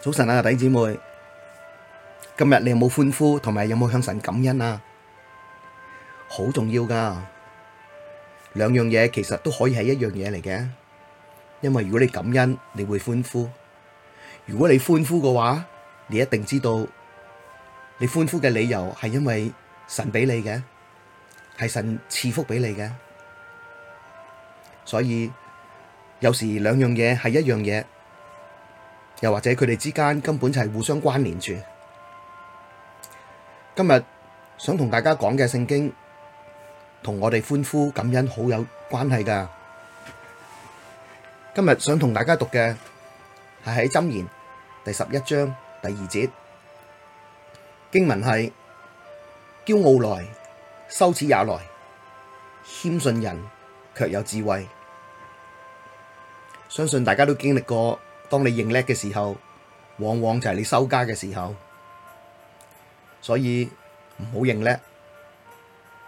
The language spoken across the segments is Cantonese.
早晨啊，弟姊妹，今日你有冇歡呼，同埋有冇向神感恩啊？好重要㗎，兩樣嘢其實都可以係一樣嘢嚟嘅，因為如果你感恩，你會歡呼；如果你歡呼嘅話，你一定知道你歡呼嘅理由係因為神俾你嘅，係神賜福俾你嘅，所以有時兩樣嘢係一樣嘢。又或者佢哋之間根本就係互相關聯住。今日想同大家講嘅聖經，同我哋歡呼感恩好有關係噶。今日想同大家讀嘅係喺箴言，第十一章第二節經文係：驕傲來，羞恥也來；謙遜人，卻有智慧。相信大家都經歷過。當你認叻嘅時候，往往就係你收家嘅時候，所以唔好認叻。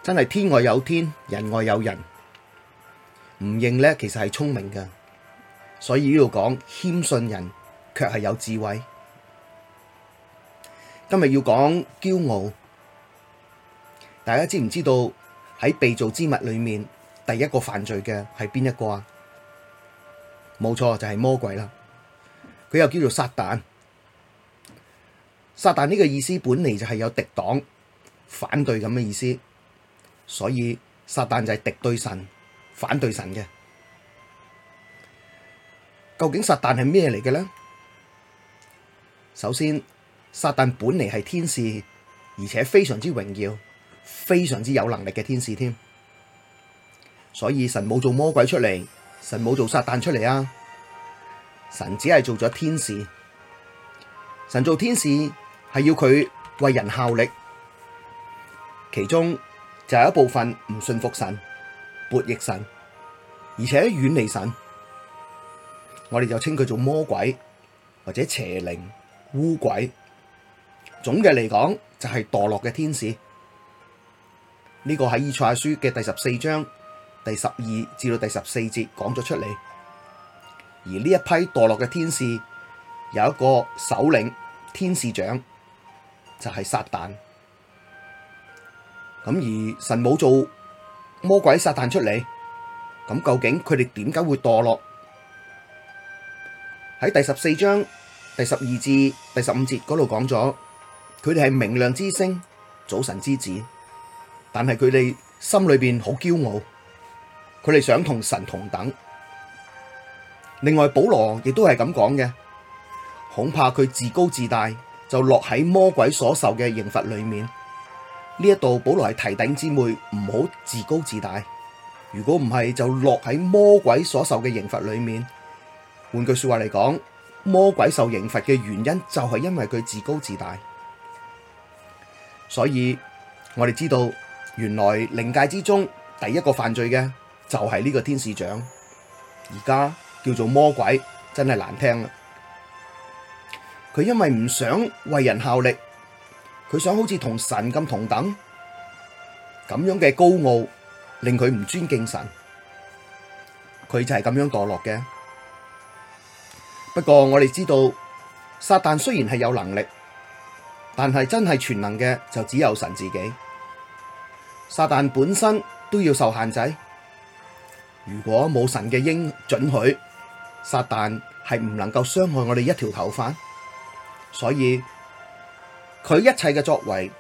真係天外有天，人外有人，唔認叻其實係聰明嘅。所以呢度講謙遜人，卻係有智慧。今日要講驕傲，大家知唔知道喺被造之物裏面第一個犯罪嘅係邊一個啊？冇錯，就係魔鬼啦。佢又叫做撒旦，撒旦呢個意思本嚟就係有敵黨反對咁嘅意思，所以撒旦就係敵對神、反對神嘅。究竟撒旦係咩嚟嘅咧？首先，撒旦本嚟係天使，而且非常之榮耀、非常之有能力嘅天使添。所以神冇做魔鬼出嚟，神冇做撒旦出嚟啊！神只係做咗天使，神做天使係要佢為人效力，其中就有一部分唔信服神、悖逆神，而且遠離神，我哋就稱佢做魔鬼，或者邪靈、污鬼。總嘅嚟講就係墮落嘅天使。呢、這個喺以賽亞書嘅第十四章第十二至到第十四節講咗出嚟。而呢一批墮落嘅天使有一個首領天使長，就係、是、撒旦。咁而神冇做魔鬼撒旦出嚟，咁究竟佢哋點解會墮落？喺第十四章第十二至第十五節嗰度講咗，佢哋係明亮之星、早晨之子，但係佢哋心裏邊好驕傲，佢哋想同神同等。另外，保羅亦都係咁講嘅，恐怕佢自高自大，就落喺魔鬼所受嘅刑罰裏面。呢一度保羅係提醒姊妹，唔好自高自大。如果唔係，就落喺魔鬼所受嘅刑罰裏面。換句話說話嚟講，魔鬼受刑罰嘅原因就係因為佢自高自大。所以，我哋知道，原來靈界之中第一個犯罪嘅就係呢個天使長。而家。叫做魔鬼，真係難聽啦！佢因為唔想為人效力，佢想好似同神咁同等，咁樣嘅高傲令佢唔尊敬神，佢就係咁樣墮落嘅。不過我哋知道，撒旦雖然係有能力，但係真係全能嘅就只有神自己。撒旦本身都要受限制，如果冇神嘅應准許，撒旦係唔能夠傷害我哋一條頭髮，所以佢一切嘅作為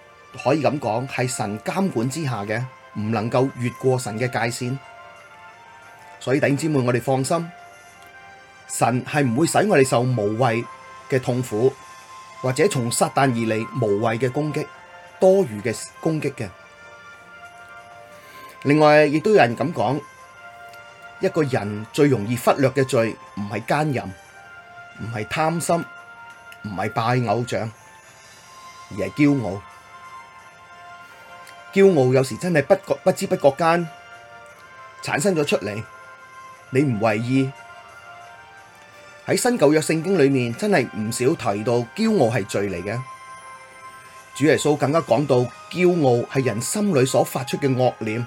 可以咁講係神監管之下嘅，唔能夠越過神嘅界線。所以弟兄姊妹，我哋放心，神係唔會使我哋受無謂嘅痛苦，或者從撒旦而嚟無謂嘅攻擊、多餘嘅攻擊嘅。另外，亦都有人咁講。一個人最容易忽略嘅罪，唔係奸淫，唔係貪心，唔係拜偶像，而係驕傲。驕傲有時真係不覺不知不覺間產生咗出嚟，你唔為意。喺新舊約聖經裏面，真係唔少提到驕傲係罪嚟嘅。主耶穌更加講到，驕傲係人心裏所發出嘅惡念。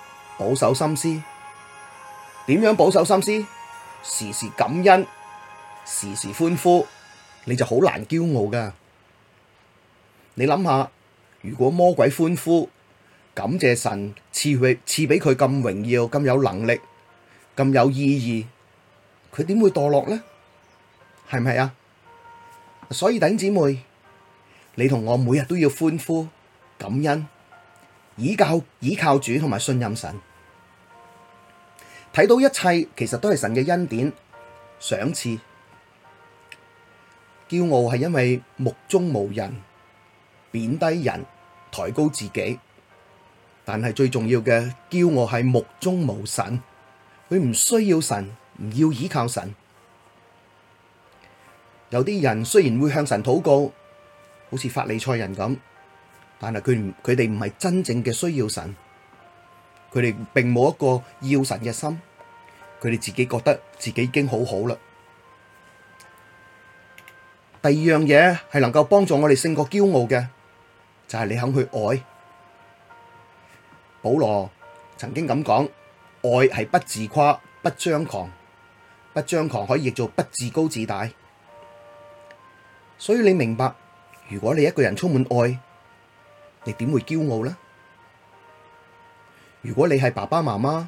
保守心思，點樣保守心思？時時感恩，時時歡呼，你就好難驕傲噶。你諗下，如果魔鬼歡呼，感謝神賜佢賜俾佢咁榮耀、咁有能力、咁有意義，佢點會墮落呢？係唔係啊？所以弟兄姊妹，你同我每日都要歡呼、感恩，倚靠倚靠主同埋信任神。睇到一切其實都係神嘅恩典賞賜，驕傲係因為目中無人，貶低人，抬高自己。但係最重要嘅驕傲係目中無神，佢唔需要神，唔要依靠神。有啲人雖然會向神禱告，好似法利賽人咁，但係佢唔佢哋唔係真正嘅需要神。佢哋並冇一個要神嘅心，佢哋自己覺得自己已經好好啦。第二樣嘢係能夠幫助我哋勝過驕傲嘅，就係你肯去愛。保羅曾經咁講：愛係不自誇、不張狂、不張狂，可以譯做不自高自大。所以你明白，如果你一個人充滿愛，你點會驕傲呢？如果你係爸爸媽媽，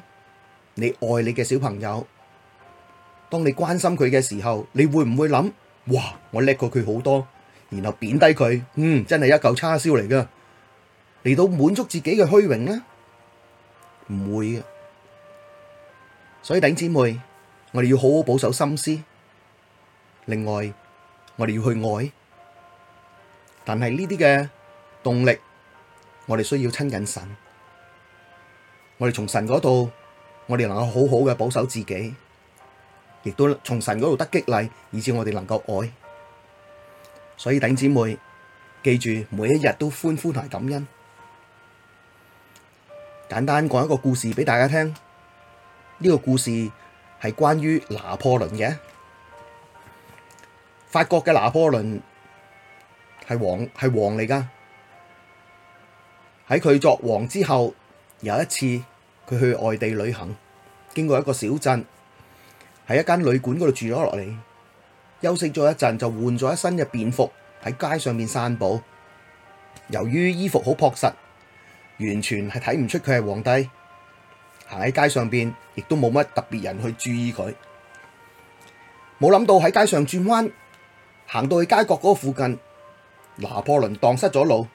你愛你嘅小朋友，當你關心佢嘅時候，你會唔會諗？哇，我叻過佢好多，然後貶低佢，嗯，真係一嚿叉燒嚟㗎，嚟到滿足自己嘅虛榮咧？唔會嘅，所以頂姊妹，我哋要好好保守心思。另外，我哋要去愛，但係呢啲嘅動力，我哋需要親近神。我哋從神嗰度，我哋能夠好好嘅保守自己，亦都從神嗰度得激勵，以致我哋能夠愛。所以頂姊妹記住，每一日都歡呼同感恩。簡單講一個故事俾大家聽，呢個故事係關於拿破崙嘅，法國嘅拿破崙係王係王嚟㗎，喺佢作王之後。有一次，佢去外地旅行，經過一個小鎮，喺一間旅館嗰度住咗落嚟，休息咗一陣就換咗一身嘅便服喺街上面散步。由於衣服好樸實，完全係睇唔出佢係皇帝，行喺街上邊亦都冇乜特別人去注意佢。冇諗到喺街上轉彎，行到去街角嗰附近，拿破崙蕩失咗路，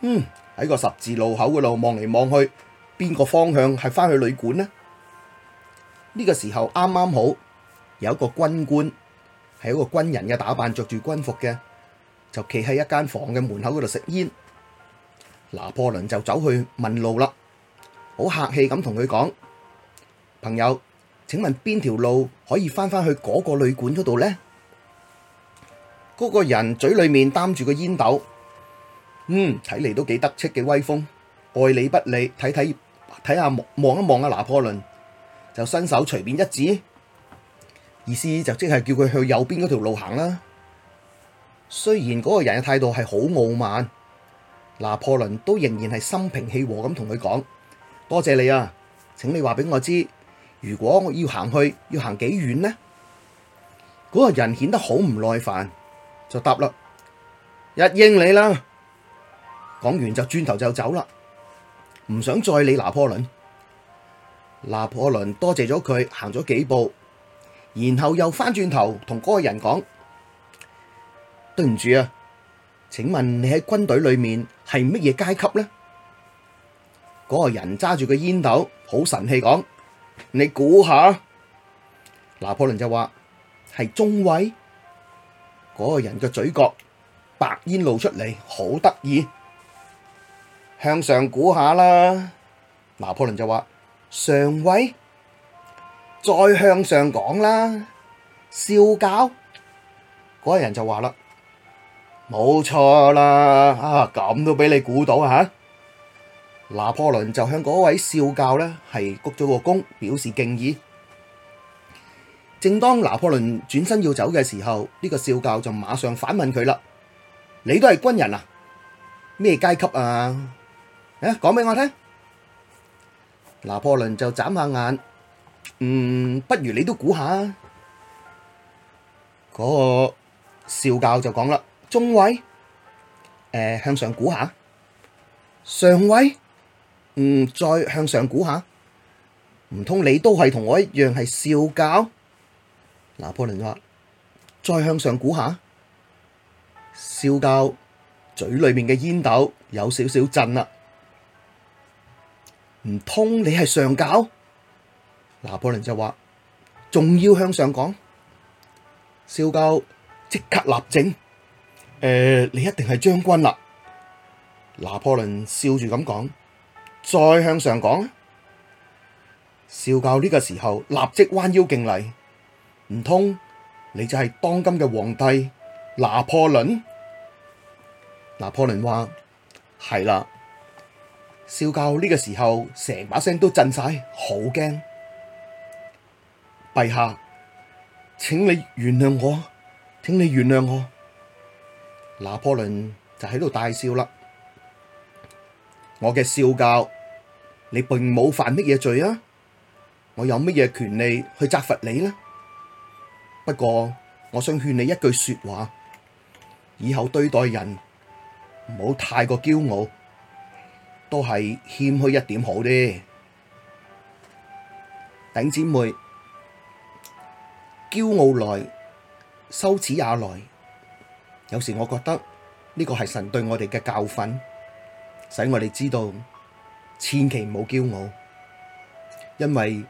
嗯，喺個十字路口嗰度望嚟望去。邊個方向係翻去旅館呢？呢個時候啱啱好有一個軍官，係一個軍人嘅打扮，着住軍服嘅，就企喺一間房嘅門口嗰度食煙。拿破崙就走去問路啦，好客氣咁同佢講：「朋友，請問邊條路可以翻翻去嗰個旅館嗰度呢？」嗰個人嘴裏面擔住個煙斗，嗯，睇嚟都幾得戚嘅威風，愛理不理，睇睇。睇下望一望啊，拿破崙就伸手隨便一指，意思就即係叫佢去右邊嗰條路行啦、啊。雖然嗰個人嘅態度係好傲慢，拿破崙都仍然係心平氣和咁同佢講：多謝,謝你啊，請你話俾我知，如果我要行去要行幾遠呢？嗰、那個人顯得好唔耐煩，就答啦：一英里啦。講完就轉頭就走啦。唔想再理拿破崙，拿破崙多謝咗佢，行咗幾步，然後又翻轉頭同嗰個人講：「對唔住啊，請問你喺軍隊裏面係乜嘢階級呢？」嗰個人揸住個煙斗，好神氣講：「你估下？拿破崙就話係中尉。那」嗰個人嘅嘴角白煙露出嚟，好得意。向上估下啦，拿破崙就話上位，再向上講啦。少校嗰人就話啦，冇錯啦，啊咁都俾你估到吓、啊。拿破崙就向嗰位少校呢係鞠咗個躬，表示敬意。正當拿破崙轉身要走嘅時候，呢、這個少校就馬上反問佢啦：你都係軍人啊？咩階級啊？誒，講俾我聽，拿破崙就眨下眼，嗯，不如你都估下嗰、那個少校就講啦，中尉，誒、呃，向上估下，上尉，嗯，再向上估下，唔通你都係同我一樣係少校？拿破崙話，再向上估下，少校嘴裏面嘅煙斗有少少震啦。唔通你係上教？拿破崙就話，仲要向上講，少教即刻立正。誒、呃，你一定係將軍啦。拿破崙笑住咁講，再向上講，少教呢個時候立即彎腰敬禮。唔通你就係當今嘅皇帝拿破崙？拿破崙話係啦。少校呢個時候，成把聲都震晒，好驚！陛下，請你原諒我，請你原諒我。拿破崙就喺度大笑啦！我嘅少校，你並冇犯乜嘢罪啊！我有乜嘢權利去責罰你呢？不過，我想勸你一句說話，以後對待人，唔好太過驕傲。都係謙虛一點好啲，頂姊妹，驕傲來，羞恥也來。有時我覺得呢個係神對我哋嘅教訓，使我哋知道，千祈唔好驕傲，因為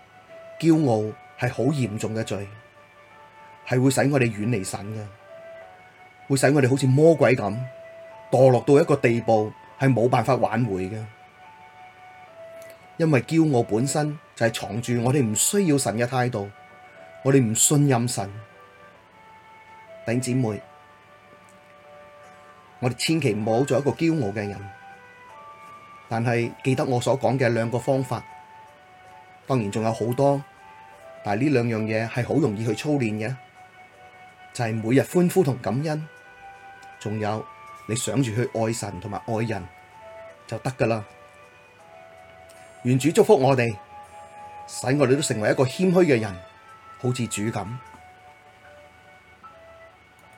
驕傲係好嚴重嘅罪，係會使我哋遠離神嘅，會使我哋好似魔鬼咁墮落到一個地步，係冇辦法挽回嘅，因為驕傲本身就係藏住我哋唔需要神嘅態度，我哋唔信任神。弟兄姊妹，我哋千祈唔好做一個驕傲嘅人。但係記得我所講嘅兩個方法，當然仲有好多，但係呢兩樣嘢係好容易去操練嘅，就係、是、每日歡呼同感恩，仲有。你想住去愛神同埋愛人就得㗎喇，願主祝福我哋，使我哋都成為一個謙虛嘅人，好似主咁。